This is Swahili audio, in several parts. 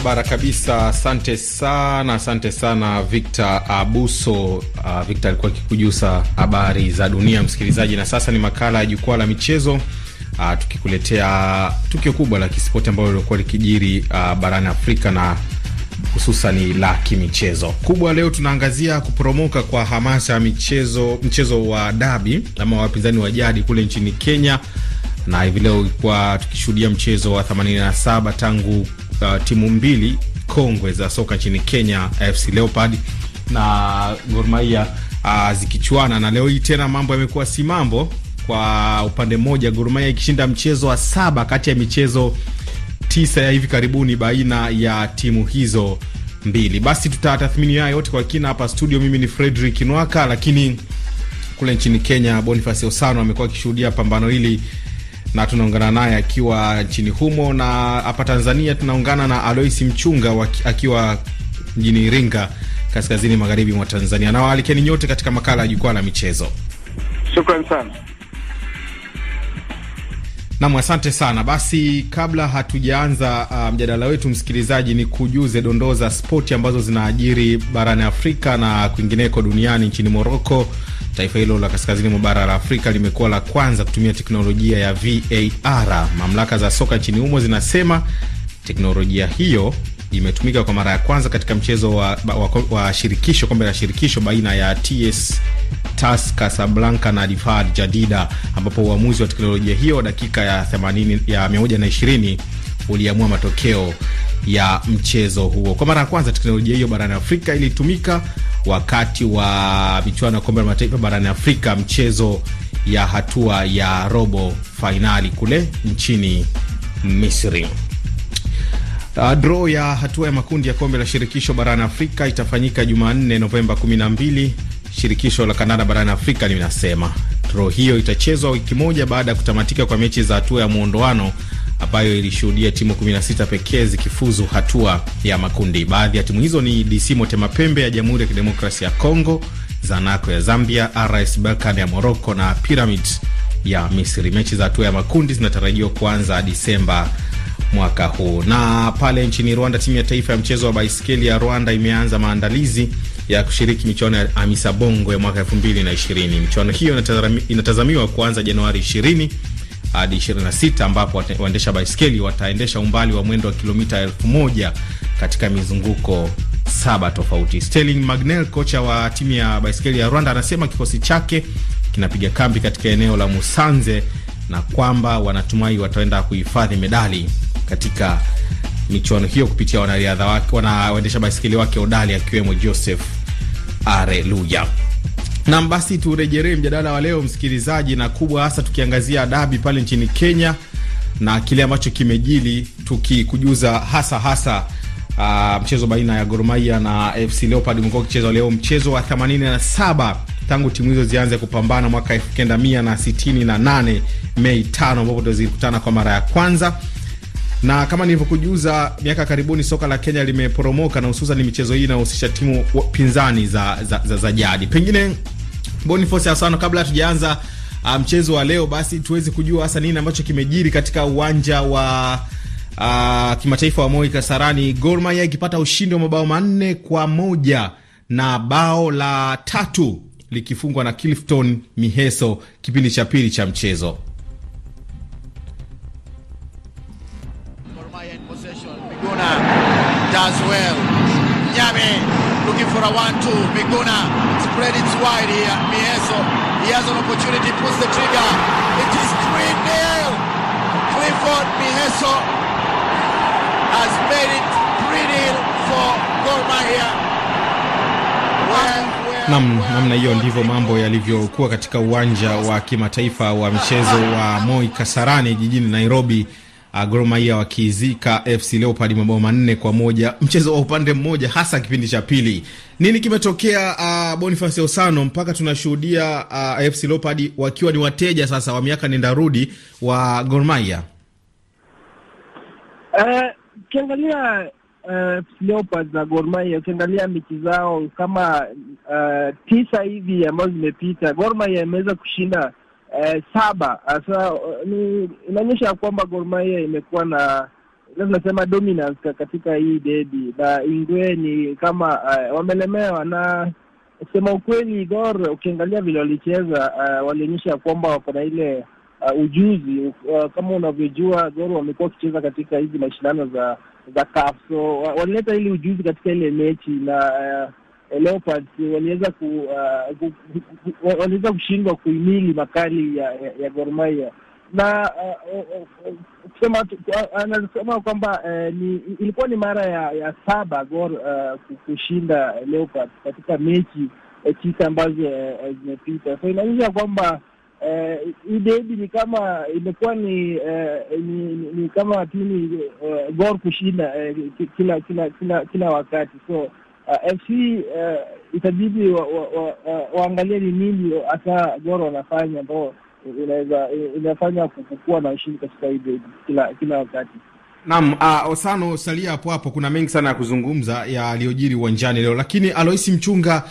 barabara kabisa. Asante sana, asante sana Victor Abuso. Uh, Victor alikuwa akikujusa habari za dunia, msikilizaji. Na sasa ni makala ya jukwaa la michezo, uh, tukikuletea tukio kubwa la kispoti ambalo lilikuwa likijiri uh, barani Afrika na hususan la kimichezo kubwa. Leo tunaangazia kuporomoka kwa hamasa ya michezo, mchezo wa dabi ama wapinzani wa jadi kule nchini Kenya, na hivi leo ilikuwa tukishuhudia mchezo wa 87 tangu uh, timu mbili kongwe za soka nchini Kenya, AFC Leopard na Gor Mahia uh, zikichuana, na leo hii tena mambo yamekuwa si mambo. Kwa upande mmoja, Gor Mahia ikishinda mchezo wa saba kati ya michezo tisa ya hivi karibuni baina ya timu hizo mbili. Basi tutatathmini haya yote kwa kina hapa studio. Mimi ni Fredrick Nwaka, lakini kule nchini Kenya Boniface Osano amekuwa akishuhudia pambano hili na tunaungana naye akiwa nchini humo, na hapa Tanzania tunaungana na Aloisi Mchunga akiwa mjini Iringa, kaskazini magharibi mwa Tanzania. nawaalikeni nyote katika makala ya jukwaa la michezo. Shukran sana. Nam, asante sana. Basi kabla hatujaanza uh, mjadala um, wetu, msikilizaji, ni kujuze dondoo za spoti ambazo zinaajiri barani Afrika na kwingineko duniani. Nchini Moroko, taifa hilo la kaskazini mwa bara la Afrika limekuwa la kwanza kutumia teknolojia ya VAR. Mamlaka za soka nchini humo zinasema teknolojia hiyo imetumika kwa mara ya kwanza katika mchezo wa, wa, wa shirikisho kombe la shirikisho baina ya TS TAS Casablanca na Difad Jadida, ambapo uamuzi wa teknolojia hiyo dakika ya 80 ya 120 uliamua matokeo ya mchezo huo. Kwa mara ya kwanza teknolojia hiyo barani Afrika ilitumika wakati wa michuano ya kombe la mataifa barani Afrika, mchezo ya hatua ya robo fainali kule nchini Misri. Uh, draw ya hatua ya makundi ya kombe la shirikisho barani Afrika itafanyika Jumanne Novemba 12 Shirikisho la kandanda barani Afrika linasema draw hiyo itachezwa wiki moja baada ya kutamatika kwa mechi za hatua ya muondoano ambayo ilishuhudia timu 16 pekee zikifuzu hatua ya makundi. Baadhi ya timu hizo ni DC Motema Pembe ya Jamhuri ya Kidemokrasia ya congo Zanaco ya Zambia, RS Berkane ya Moroko na piramid ya Misri. Mechi za hatua ya makundi zinatarajiwa kuanza Disemba mwaka huu. Na pale nchini Rwanda, timu ya taifa ya mchezo wa baiskeli ya Rwanda imeanza maandalizi ya kushiriki michuano ya Amisa Bongo ya mwaka elfu mbili na ishirini. Michuano hiyo inatazamiwa kuanza Januari ishirini hadi 26 ambapo waendesha baiskeli wataendesha umbali wa mwendo wa kilomita elfu moja katika mizunguko saba tofauti. Sterling Magnell, kocha wa timu ya baiskeli ya Rwanda, anasema kikosi chake kinapiga kambi katika eneo la Musanze na kwamba wanatumai wataenda kuhifadhi medali katika michuano hiyo kupitia wanariadha wake, wanaendesha baiskeli wake odali akiwemo Joseph Areluya. Nam, basi turejelee mjadala wa leo msikilizaji, na kubwa hasa tukiangazia dabi pale nchini Kenya na kile ambacho kimejili, tukikujuza hasa hasa uh, mchezo baina ya Gor Mahia na FC Leopard umekuwa ukichezwa leo, mchezo wa 87 tangu timu hizo zianze kupambana mwaka 1968 Mei 5 ambapo ndo zilikutana kwa mara ya kwanza na kama nilivyokujuza, miaka karibuni soka la Kenya limeporomoka na hususan ni michezo hii inayohusisha timu pinzani za, za, za, za jadi. Pengine Boniface Asano, kabla hatujaanza ah, mchezo um, wa leo, basi tuwezi kujua hasa nini ambacho kimejiri katika uwanja wa uh, kimataifa wa Moi Kasarani, Gor Mahia ikipata ushindi wa mabao manne kwa moja na bao la tatu likifungwa na Clifton Miheso kipindi cha pili cha mchezo. does well. Nyame looking for a one-two. Miguna spread it wide here. Mieso, he has an opportunity, puts the trigger. It is 3-0. Clifford Mieso has made it 3-0 for Gor Mahia. Nam, namna hiyo ndivyo mambo yalivyokuwa katika uwanja wa kimataifa wa mchezo wa Moi Kasarani jijini Nairobi uh, Gor Mahia wakiizika FC Leopard mabao manne kwa moja, mchezo wa upande mmoja, hasa kipindi cha pili. Nini kimetokea uh, Boniface Osano mpaka tunashuhudia uh, ah, FC Leopard wakiwa ni wateja sasa wa miaka nenda rudi wa Gor Mahia? Eh, ukiangalia uh, uh, Leopards na Gor Mahia, ukiangalia mechi zao kama uh, tisa hivi ambazo zimepita, Gor Mahia imeweza kushinda eh, saba. Ah, sasa eh, inaonyesha kwamba Gor Mahia imekuwa na ile tunasema dominance katika hii debi na Ingwe ni kama uh, wamelemewa na sema ukweli, Gor ukiangalia vile walicheza uh, walionyesha kwamba wako na ile uh, ujuzi uh, kama unavyojua Gor wamekuwa wakicheza katika hizi mashindano za za CAF, so walileta ile ujuzi katika ile mechi na uh, Leopards waliweza ku, uh, ku, waliweza kushindwa kuimili makali ya, ya, ya Gor Mahia na uh, uh, uh, anasema kwamba ilikuwa ni mara ya, ya saba Gor uh, kushinda Leopards katika mechi tisa ambazo zimepita, so inaonyesha kwamba hii debi ni kama imekuwa ni ni kama uh, Gor kushinda kila kila kila wakati so uh, FC uh, itabidi waangalie wa, wa, wa, ni nini hata goro wanafanya ambao inaweza inafanya kukuwa na ushindi katika hii kila kila wakati. Naam, uh, Osano, salia hapo hapo, kuna mengi sana ya kuzungumza ya aliyojiri uwanjani leo, lakini Aloisi Mchunga,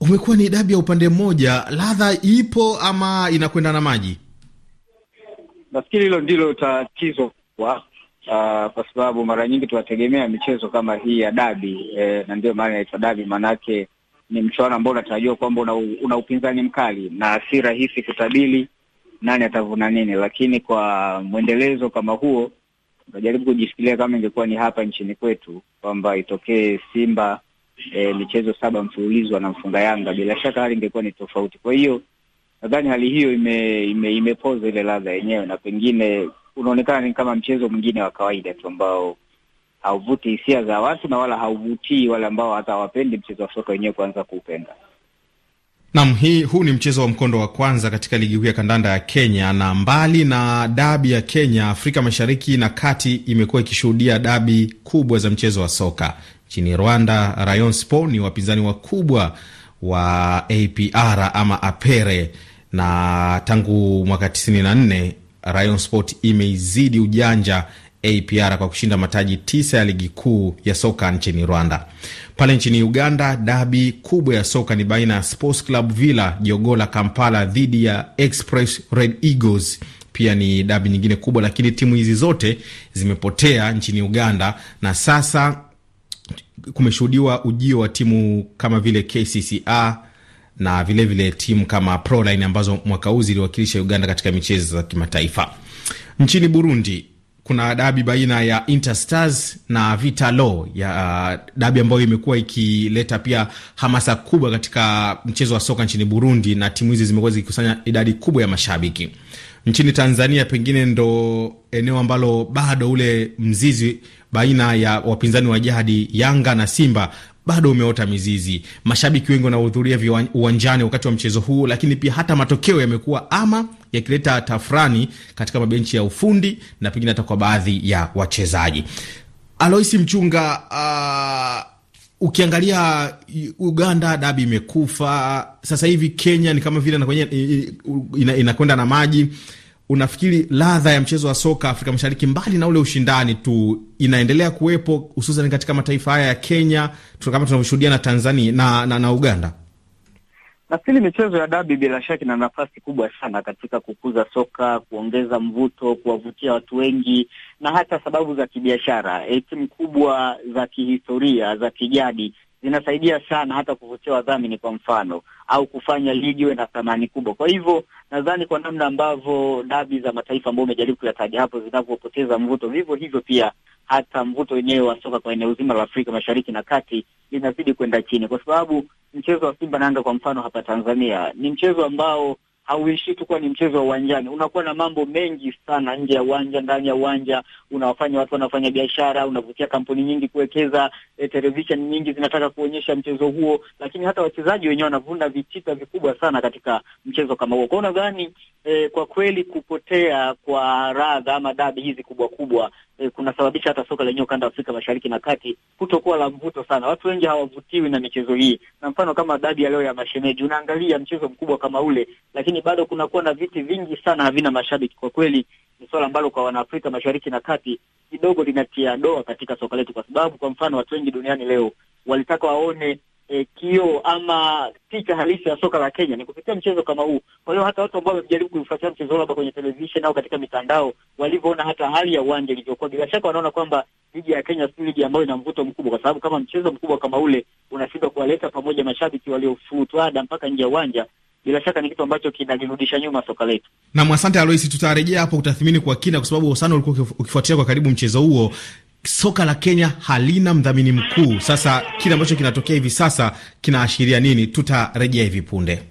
umekuwa ni dabi ya upande mmoja, ladha ipo ama inakwenda na maji? Nafikiri hilo ndilo tatizo kwa uh, kwa sababu mara nyingi tunategemea michezo kama hii ya dabi eh, na ndio maana inaitwa dabi, maanake ni mchuano ambao unatarajiwa kwamba una, una upinzani mkali na si rahisi kutabili nani atavuna nini, lakini kwa mwendelezo kama huo unajaribu kujisikilia kama ingekuwa ni hapa nchini kwetu kwamba itokee Simba e, michezo saba mfululizo na mfunga Yanga, bila shaka hali ingekuwa ni tofauti. Kwa hiyo nadhani hali hiyo ime, ime, imepoza ile ladha yenyewe, na pengine unaonekana ni kama mchezo mwingine wa kawaida tu ambao hauvuti hisia za watu na wala hauvutii wale ambao hata hawapendi mchezo wa soka wenyewe kuanza kuupenda. nam hii huu ni mchezo wa mkondo wa kwanza katika ligi kuu ya kandanda ya Kenya, na mbali na dabi ya Kenya, Afrika Mashariki na Kati imekuwa ikishuhudia dabi kubwa za mchezo wa soka. Nchini Rwanda, Rayon Sports ni wapinzani wakubwa wa APR ama Apere, na tangu mwaka 94 Rayon Sport imeizidi ujanja APR kwa kushinda mataji tisa ya ligi kuu ya soka nchini Rwanda. Pale nchini Uganda, dabi kubwa ya soka ni baina ya Sports Club Villa Jogola Kampala dhidi ya Express Red Eagles pia ni dabi nyingine kubwa, lakini timu hizi zote zimepotea nchini Uganda na sasa kumeshuhudiwa ujio wa timu kama vile KCCA na vilevile vile timu kama Proline ambazo mwaka huu ziliwakilisha Uganda katika michezo za kimataifa. Nchini Burundi kuna dabi baina ya Interstars na Vitalo ya uh, dabi ambayo imekuwa ikileta pia hamasa kubwa katika mchezo wa soka nchini Burundi, na timu hizi zimekuwa zikikusanya idadi kubwa ya mashabiki. Nchini Tanzania pengine ndo eneo ambalo bado ule mzizi baina ya wapinzani wa jadi Yanga na Simba bado umeota mizizi. Mashabiki wengi wanahudhuria uwanjani wakati wa mchezo huu, lakini pia hata matokeo yamekuwa ama yakileta tafrani katika mabenchi ya ufundi na pengine hata kwa baadhi ya wachezaji. Aloisi Mchunga, uh, ukiangalia Uganda dabi imekufa sasa hivi, Kenya ni kama vile inakwenda na maji unafikiri ladha ya mchezo wa soka Afrika Mashariki, mbali na ule ushindani tu, inaendelea kuwepo hususan katika mataifa haya ya Kenya kama tunavyoshuhudia na Tanzania na, na, na Uganda? Nafikiri michezo ya dabi bila shaka ina nafasi kubwa sana katika kukuza soka, kuongeza mvuto, kuwavutia watu wengi, na hata sababu za kibiashara, timu kubwa za kihistoria za kijadi zinasaidia sana hata kuvutia wadhamini kwa mfano, au kufanya ligi iwe na thamani kubwa. Kwa hivyo nadhani kwa namna ambavyo dabi za mataifa ambayo umejaribu kuyataja hapo zinavyopoteza mvuto, vivyo hivyo pia hata mvuto wenyewe wa soka kwa eneo zima la Afrika Mashariki na Kati linazidi kwenda chini, kwa sababu mchezo wa Simba na Yanga kwa mfano hapa Tanzania ni mchezo ambao hauishii tu kuwa ni mchezo wa uwanjani, unakuwa na mambo mengi sana nje ya uwanja, ndani ya uwanja, unawafanya watu wanafanya biashara, unavutia kampuni nyingi kuwekeza, e, eh, television nyingi zinataka kuonyesha mchezo huo, lakini hata wachezaji wenyewe wanavuna vitita vikubwa sana katika mchezo kama huo. Kwa hiyo nadhani e, eh, kwa kweli kupotea kwa radha ama dabi hizi kubwa kubwa e, kunasababisha hata soka lenyewe ukanda wa Afrika Mashariki na Kati kutokuwa la mvuto sana. Watu wengi hawavutiwi na michezo hii, na mfano kama dabi ya leo ya mashemeji, unaangalia mchezo mkubwa kama ule lakini lakini bado kunakuwa na viti vingi sana havina mashabiki. Kwa kweli ni swala ambalo kwa Wanaafrika Mashariki na Kati kidogo linatia doa katika soka letu, kwa sababu kwa mfano watu wengi duniani leo walitaka waone E, eh, kio ama picha halisi ya soka la Kenya ni kupitia mchezo kama huu. Kwa hiyo hata watu ambao wamejaribu kuifuatia mchezo huo labda kwenye televisheni au katika mitandao, walivyoona hata hali ya uwanja ilivyokuwa, bila shaka wanaona kwamba ligi ya Kenya si ligi ambayo ina mvuto mkubwa, kwa sababu kama mchezo mkubwa kama ule unashindwa kuwaleta pamoja mashabiki waliofutwada mpaka nje ya uwanja, bila shaka ni kitu ambacho kinalirudisha nyuma soka letu. Naam, asante Aloisi, tutarejea hapo utathmini kwa kina, kwa sababu sana ulikuwa ukifuatilia kwa karibu mchezo huo. Soka la Kenya halina mdhamini mkuu. Sasa kile ambacho kinatokea hivi sasa kinaashiria nini? Tutarejea hivi punde.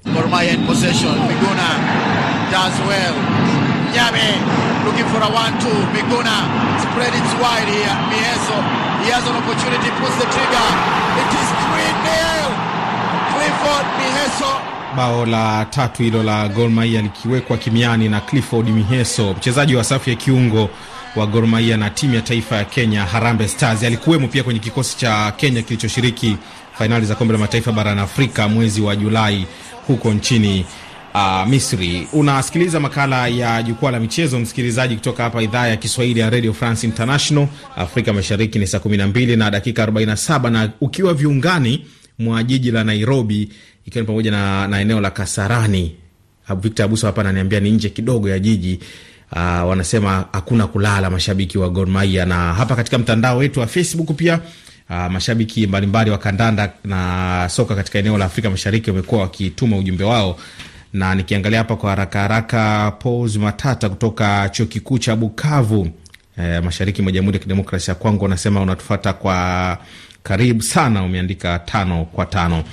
Bao la tatu hilo la Gor Mahia likiwekwa kimiani na Clifford Miheso, mchezaji wa safu ya kiungo wa Gor Mahia na timu ya taifa ya Kenya Harambee Stars. Alikuwemo pia kwenye kikosi cha Kenya kilichoshiriki fainali za kombe la mataifa barani Afrika mwezi wa Julai huko nchini uh, Misri. Unasikiliza makala ya jukwaa la michezo, msikilizaji, kutoka hapa idhaa ya Kiswahili ya Radio France International. Afrika Mashariki ni saa 12 na dakika 47 na ukiwa viungani mwa jiji la Nairobi ikiwa ni pamoja na, na eneo la Kasarani. Victor Abuso hapa ananiambia ni nje kidogo ya jiji. Uh, wanasema hakuna kulala mashabiki wa Gor Mahia, na hapa katika mtandao wetu wa Facebook pia Uh, mashabiki mbalimbali mbali wa kandanda na soka katika eneo la Afrika Mashariki wamekuwa wakituma ujumbe wao, na nikiangalia hapa kwa haraka haraka, Paul Matata kutoka chuo kikuu cha Bukavu eh, mashariki mwa Jamhuri ya Kidemokrasia ya Kongo, wanasema unatufata kwa karibu sana, umeandika tano kwa tano.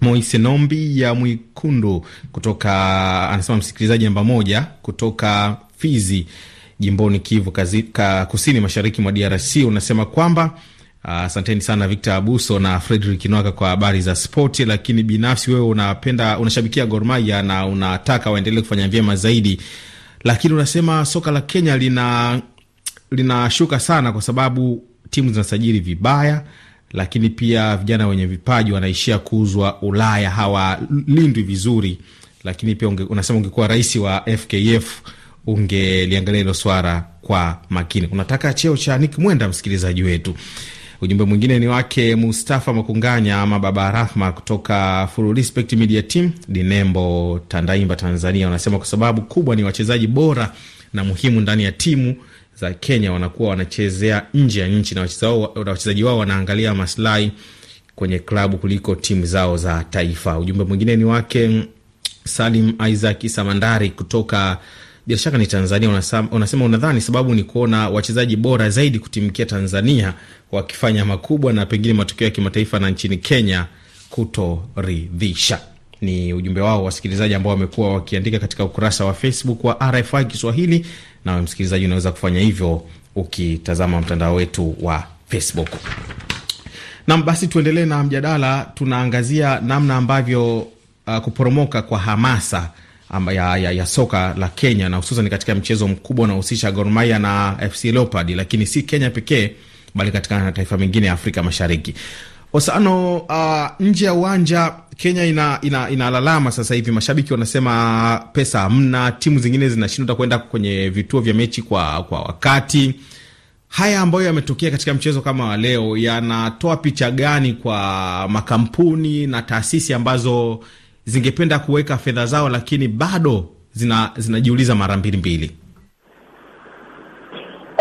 Moisenombi ya Mwikundu kutoka anasema msikilizaji namba moja kutoka Fizi jimboni Kivu kazika, kusini mashariki mwa DRC unasema kwamba ah, asanteni uh, sana Victor Abuso na Fredrick Inwaka kwa habari za spoti, lakini binafsi wewe unapenda unashabikia Gor Mahia na unataka waendelee kufanya vyema zaidi, lakini unasema soka la Kenya lina linashuka sana kwa sababu timu zinasajili vibaya lakini pia vijana wenye vipaji wanaishia kuuzwa Ulaya, hawalindwi vizuri. Lakini pia unge, unasema ungekuwa rais wa FKF ungeliangalia hilo swara kwa makini. Unataka cheo cha Nick Mwenda, msikilizaji wetu. Ujumbe mwingine ni wake Mustafa Makunganya ama Baba Rahma kutoka Full Respect Media Team, Dinembo, Tandaimba, Tanzania. Unasema kwa sababu kubwa ni wachezaji bora na muhimu ndani ya timu za Kenya wanakuwa wanachezea nje ya nchi na wachezaji wao wanaangalia maslahi kwenye klabu kuliko timu zao za taifa. Ujumbe mwingine ni wake Salim Isaac Samandari kutoka bila shaka ni Tanzania. Unasema unadhani sababu ni kuona wachezaji bora zaidi kutimkia Tanzania wakifanya makubwa, na pengine matokeo ya kimataifa na nchini Kenya kutoridhisha. Ni ujumbe wao wasikilizaji ambao wamekuwa wakiandika katika ukurasa wa Facebook wa RFI Kiswahili, na msikilizaji unaweza kufanya hivyo ukitazama mtandao wetu wa Facebook. Nam, basi tuendelee na mjadala. Tunaangazia namna ambavyo uh, kuporomoka kwa hamasa um, ya, ya, ya soka la Kenya na hususan katika mchezo mkubwa unaohusisha gormaia na FC leopard lakini si Kenya pekee bali katika mataifa mengine ya Afrika Mashariki. Osano, uh, nje ya uwanja Kenya ina, ina, inalalama sasa hivi. Mashabiki wanasema ah, pesa hamna, timu zingine zinashindwa kwenda kwenye vituo vya mechi kwa, kwa wakati. Haya ambayo yametokea katika mchezo kama wa leo yanatoa picha gani kwa makampuni na taasisi ambazo zingependa kuweka fedha zao lakini bado zina, zinajiuliza mara mbili mbili?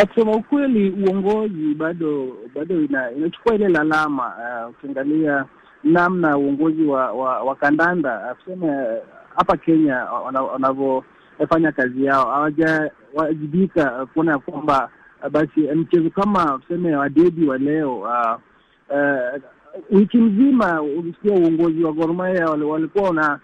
Kusema ukweli, uongozi bado bado inachukua ile lalama. Eh, ukiangalia uh, namna uongozi wa, wa, wa kandanda kuseme eh, eh, hapa Kenya wanavyofanya kazi yao hawajawajibika kuona ya kwamba basi mchezo kama tuseme wadedi wa leo uh, uh, wiki mzima ukisikia uongozi wa Gor Mahia walikuwa wana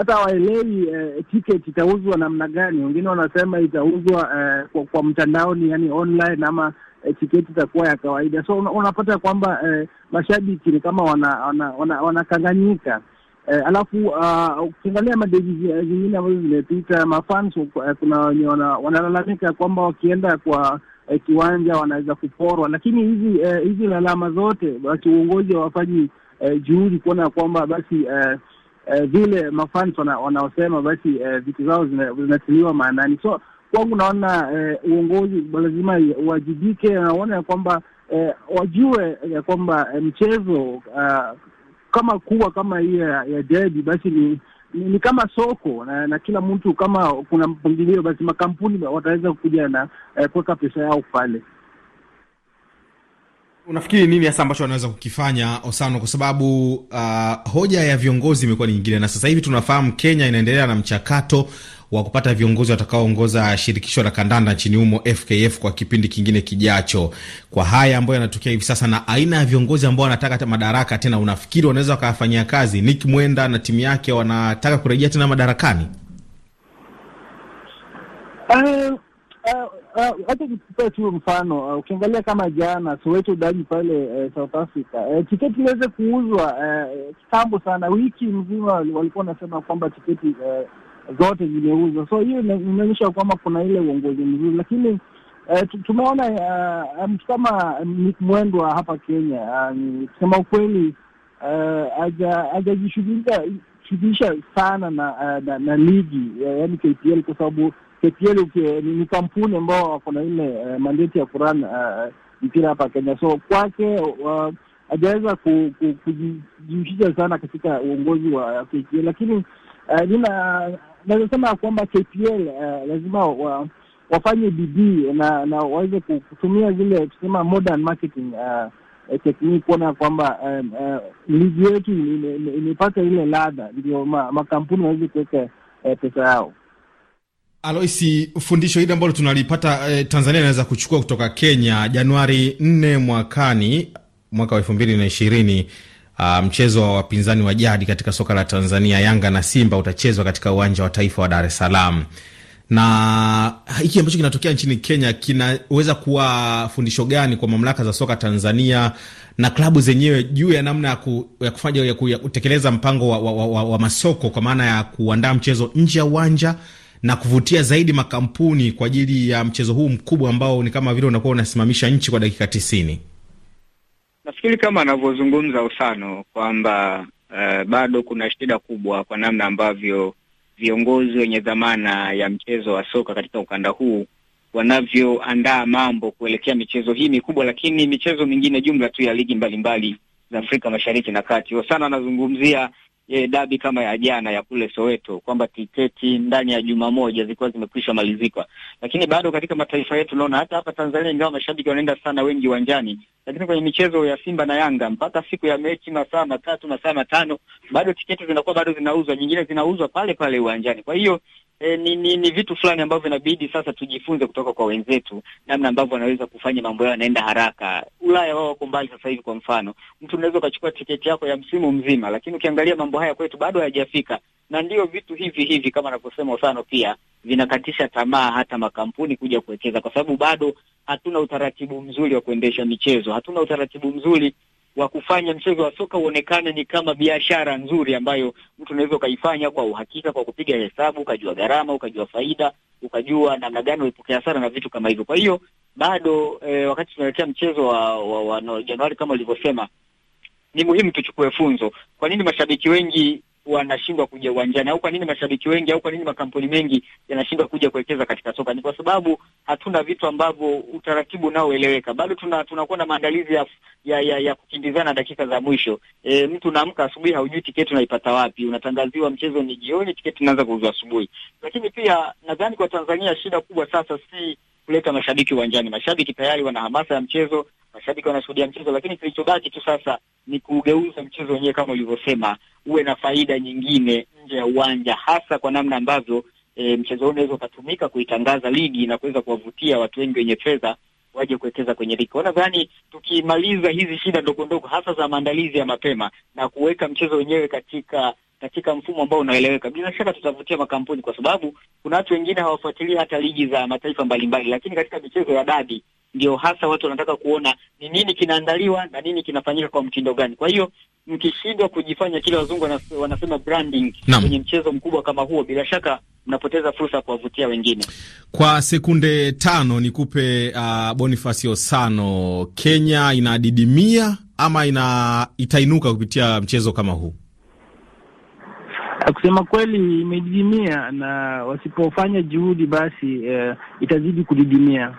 hata waelewi eh, tiketi itauzwa namna gani. Wengine wanasema itauzwa eh, kwa, kwa mtandaoni, yani online ama eh, tiketi itakuwa ya kawaida. So una, unapata kwamba eh, mashabiki ni kama wanakanganyika wana, wana, wana eh, alafu ah, ukiangalia uh, madeji eh, zingine ambazo zimepita mafans uh, kuna wenye wanalalamika wana kwamba wakienda kwa eh, kiwanja wanaweza kuporwa, lakini hizi eh, hizi lalama zote basi uongozi hawafanyi eh, juhudi kuona kwamba basi eh, Eh, vile eh, mafans wanaosema wana basi eh, vitu zao zinatiliwa maanani. So kwangu naona eh, uongozi lazima uwajibike, naona ya kwamba eh, wajue ya kwamba eh, mchezo uh, kama kubwa kama hii ya, ya derby basi ni ni, ni kama soko na, na kila mtu kama kuna mpangilio basi makampuni wataweza kuja na eh, kuweka pesa yao pale. Unafikiri nini hasa ambacho wanaweza kukifanya Osano? Kwa sababu uh, hoja ya viongozi imekuwa ni nyingine, na sasa hivi tunafahamu Kenya inaendelea na mchakato wa kupata viongozi watakaoongoza shirikisho la kandanda nchini humo FKF kwa kipindi kingine kijacho. Kwa haya ambayo yanatokea hivi sasa na aina ya viongozi ambao wanataka madaraka tena, unafikiri wanaweza wakawafanyia kazi? nik Mwenda na timu yake wanataka kurejea tena madarakani? Um, uh, uh, Ah, hata ukitupia tu mfano, ah, ukiangalia kama jana Soweto dani pale eh, South Africa, eh, tiketi iliweze kuuzwa eh, kitambo sana, wiki mzima walikuwa wanasema kwamba tiketi zote zimeuzwa. So hiyo inaonyesha kwamba kuna ile uongozi mzuri, lakini tumeona ah, mtu kama Nick Mwendwa hapa Kenya, kusema ukweli, aja sana na ligi, yani KPL kwa sababu KPL eh, ni kampuni ambao wako na ile uh, eh, mandeti ya kuran uh, eh, mpira hapa Kenya. So kwake hajaweza uh, kujihusisha ku, ku, sana katika uongozi wa KPL, lakini nina uh, naweza sema ya kwamba KPL uh, lazima wa, wafanye bidii na na waweze kutumia zile tusema modern marketing uh, technique kuona kwamba um, uh, ligi yetu imepata ile ladha, ndio makampuni ma waweze kuweka uh, pesa yao. Aloisi, fundisho hili ambalo tunalipata eh, Tanzania inaweza kuchukua kutoka Kenya Januari 4 mwakani mwaka wa elfu mbili na ishirini. Uh, mchezo wa wapinzani wa jadi katika soka la Tanzania Yanga na Simba utachezwa katika uwanja wa taifa wa Dar es Salaam, na hiki ambacho kinatokea nchini Kenya kinaweza kuwa fundisho gani kwa mamlaka za soka Tanzania na klabu zenyewe juu ya namna ya kufanya ya kutekeleza mpango wa, wa, wa, wa masoko kwa maana ya kuandaa mchezo nje ya uwanja na kuvutia zaidi makampuni kwa ajili ya mchezo huu mkubwa ambao ni kama vile unakuwa unasimamisha nchi kwa dakika tisini. Nafikiri kama anavyozungumza Usano kwamba uh, bado kuna shida kubwa kwa namna ambavyo viongozi wenye dhamana ya mchezo wa soka katika ukanda huu wanavyoandaa mambo kuelekea michezo hii mikubwa, lakini michezo mingine jumla tu ya ligi mbalimbali mbali za Afrika Mashariki na Kati. Usano anazungumzia e, dabi kama ya jana ya kule Soweto kwamba tiketi ndani ya juma moja zilikuwa zimekwisha malizika, lakini bado katika mataifa yetu unaona hata hapa Tanzania, ingawa mashabiki wanaenda sana wengi uwanjani, lakini kwenye michezo ya Simba na Yanga mpaka siku ya mechi, masaa matatu masaa matano, bado tiketi zinakuwa bado zinauzwa, nyingine zinauzwa pale pale uwanjani. Kwa hiyo E, ni, ni, ni vitu fulani ambavyo inabidi sasa tujifunze kutoka kwa wenzetu, namna ambavyo wanaweza kufanya mambo yao yanaenda haraka. Ulaya wao wako mbali sasa hivi. Kwa mfano, mtu unaweza ukachukua tiketi yako ya msimu mzima, lakini ukiangalia mambo haya kwetu bado hayajafika, na ndio vitu hivi hivi kama anavyosema Osano pia vinakatisha tamaa hata makampuni kuja kuwekeza, kwa sababu bado hatuna utaratibu mzuri wa kuendesha michezo, hatuna utaratibu mzuri wa kufanya mchezo wa soka uonekane ni kama biashara nzuri ambayo mtu unaweza ukaifanya kwa uhakika, kwa kupiga hesabu, ukajua gharama, ukajua faida, ukajua namna gani uipokea hasara na vitu kama hivyo. Kwa hiyo bado e, wakati tunaelekea mchezo wa, wa, wa no, Januari kama ulivyosema, ni muhimu tuchukue funzo. Kwa nini mashabiki wengi wanashindwa kuja uwanjani, au kwa nini mashabiki wengi au kwa nini makampuni mengi yanashindwa kuja kuwekeza katika soka? Ni kwa sababu hatuna vitu ambavyo utaratibu unaoeleweka. Bado tuna tunakuwa na maandalizi ya, ya, ya, ya kukimbizana dakika za mwisho. E, mtu unaamka asubuhi, haujui tiketi unaipata wapi, unatangaziwa mchezo ni jioni, tiketi inaanza kuuzwa asubuhi. Lakini pia nadhani kwa Tanzania shida kubwa sasa si kuleta mashabiki uwanjani. Mashabiki tayari wana hamasa ya mchezo, mashabiki wanashuhudia mchezo, lakini kilichobaki tu sasa ni kugeuza mchezo wenyewe kama ulivyosema, uwe na faida nyingine nje ya uwanja, hasa kwa namna ambavyo e, mchezo huu unaweza ukatumika kuitangaza ligi na kuweza kuwavutia watu wengi wenye fedha waje kuwekeza kwenye ligi. Kwa nadhani tukimaliza hizi shida ndogo ndogo, hasa za maandalizi ya mapema na kuweka mchezo wenyewe katika katika mfumo ambao unaeleweka, bila shaka tutavutia makampuni, kwa sababu kuna watu wengine hawafuatilii hata ligi za mataifa mbalimbali, lakini katika michezo ya dabi ndio hasa watu wanataka kuona ni nini kinaandaliwa na nini kinafanyika kwa mtindo gani. Kwa hiyo mkishindwa kujifanya kile wazungu wanasema branding kwenye mchezo mkubwa kama huo, bila shaka mnapoteza fursa ya kuwavutia wengine. Kwa sekunde tano nikupe uh, Boniface Osano, Kenya inadidimia ama ina, itainuka kupitia mchezo kama huu? Kusema kweli imedidimia, na wasipofanya juhudi basi uh, itazidi kudidimia.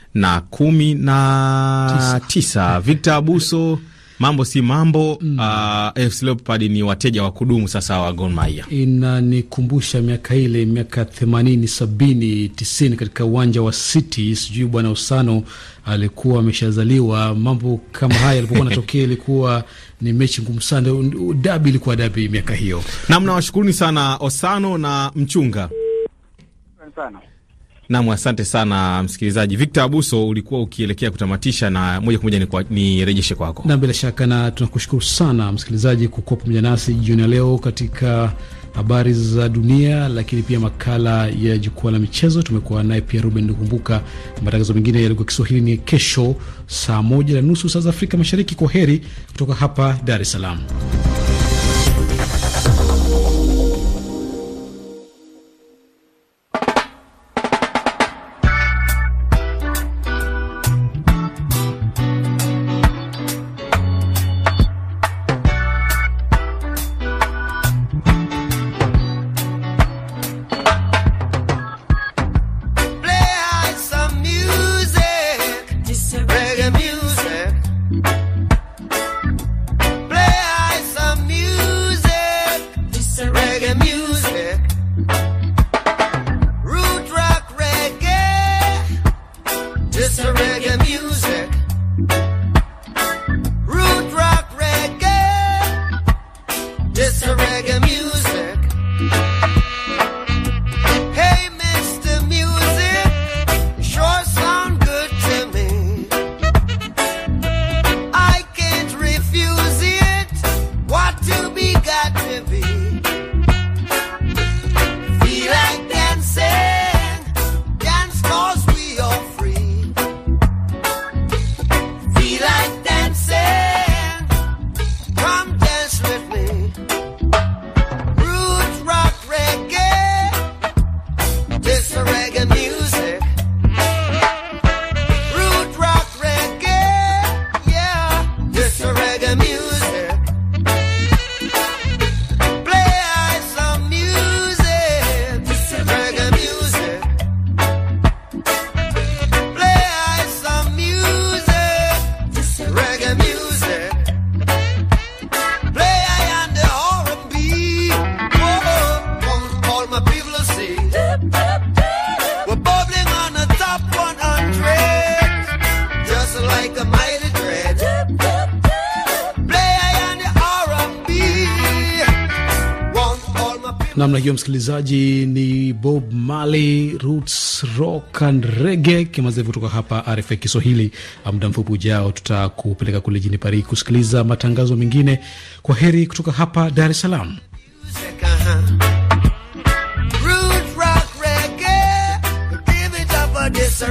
na kumi na tisa, tisa. Victor Abuso mambo si mambo mm. Uh, ah, AFC Leopards ni wateja wa kudumu sasa wa Gor Mahia. Inanikumbusha miaka ile miaka themanini sabini tisini katika uwanja wa City, sijui bwana Usano alikuwa ameshazaliwa. Mambo kama haya yalipokuwa natokea, ilikuwa ni mechi ngumu sana, dabi ilikuwa dabi miaka hiyo. Nam, nawashukuruni sana Osano na Mchunga sana. Nam, asante sana msikilizaji. Victor Abuso, ulikuwa ukielekea kutamatisha na moja kwa moja nirejeshe kwako. Na bila shaka, na tunakushukuru sana msikilizaji kukuwa pamoja nasi jioni ya leo katika habari za dunia, lakini pia makala ya jukwaa la michezo. Tumekuwa naye pia Ruben Lukumbuka. Matangazo mengine ya lugha Kiswahili ni kesho saa moja na nusu saa za Afrika Mashariki. Kwa heri kutoka hapa Dar es Salaam. reggae music. namna hiyo, msikilizaji, ni Bob Marley, roots rock and reggae zilivyo kutoka hapa RFI Kiswahili. Ah, muda mfupi ujao tutakupeleka kule jini Paris kusikiliza matangazo mengine. Kwa heri kutoka hapa Dar es Salaam.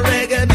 Uh-huh.